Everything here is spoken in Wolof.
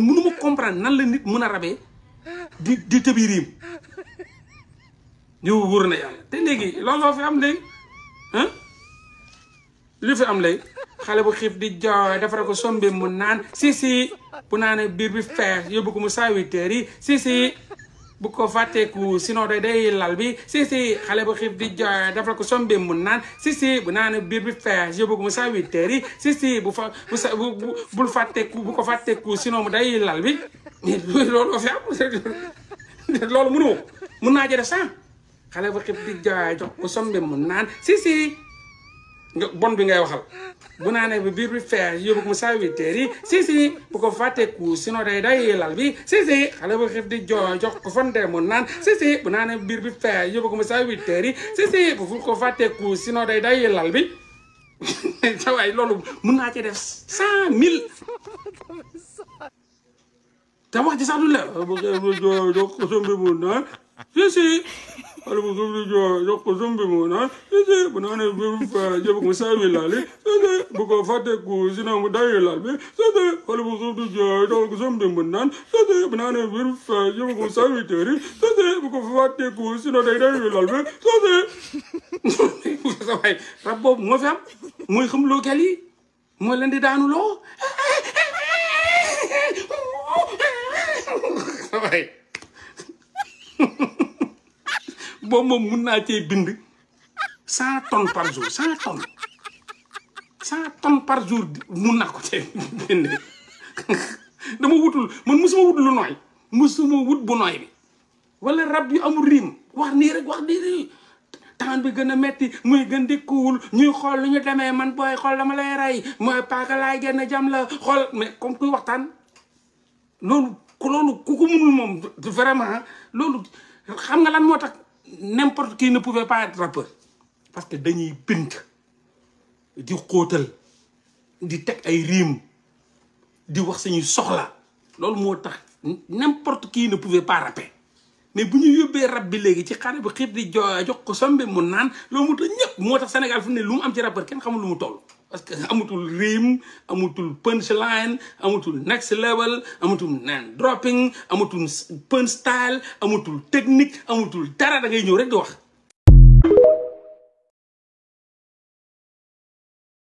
man mënu nan la nit mun a rabee di di tëbi riim ñu wóor na yàlla te léegi looloo fi am léegi ah li fi am léegi xale bu xiif di jooy defare ko sombe mu naan si si bu naanee biir bi feex yóbbu ko mu saa wi teer bu ko fàtteeku sinon day day lal bi si si xale bu xiif di jooy dafa ko sombe mu naan si si bu naan biir bi fees si si sa bu bul fàtteeku bu ko fàtteeku sinon mu day lal bi loolu fi am mun naa jël sax xale bu xiif di jooy jox ko mu naan si si bon bi ngay waxal bu naanee bi biir bi fees yóbbu ko mu serviteur yi si si bu ko fàttee kuus sinon day day lal bi si si xale bu xiif di jooy jox ko fonde mu naan si si bu naanee biir bi fees yóbbu ko mu serviteur yi si si bu ful ko fàttee kuus sinon day day lal bi sa waay loolu mun naa ci def cent mille te wax ji sax du la sisi alibukubijo yokuzumbi muna sisi bunane bifa jebukum sabilali sisi bukofate kuzina mudayilali sisi alibukubijo yokuzumbi munan sisi bunane bifa jebukum sabiteri sisi bukofate kuzina dayilali sisi rabbo mo fam moy xam lo kali mo len di daanu lo way boobu moom mun naa cee bind cent tonnes par jour cent tonnes cent tonnes par jour mun naa ko cee bind dama wutul man suma wut lu nooy musuma wut bu nooy bi wala rab yu amul riim wax nii rek wax nii rek temps bi gën a metti muy gën di kuul ñuy xool lu ñu demee man booy xool dama lay rey mooy paaka laay génn jam la xool mais comme kuy waxtaan loolu ku loolu ku ko vraiment loolu xam nga lan moo n'importe qui ne pouvait pas être rappeur parce que dañuy bind di xóotal di tek ay rime di wax suñu soxla lolou motax n'importe qui ne pouvait pas rapper mais bu yobé yóbbee rab bi léegi ci xale bu xiib di jox ko sombe mu nan loolu moo ñep motax Sénégal fu né lu mu am ci rappeur kenn xamul lu mu tollu parce que amatul rime amatul punchline amatul next level amatul name dropping amatul punch style amatul technique amatul dara da ngay ñëw rek di wax.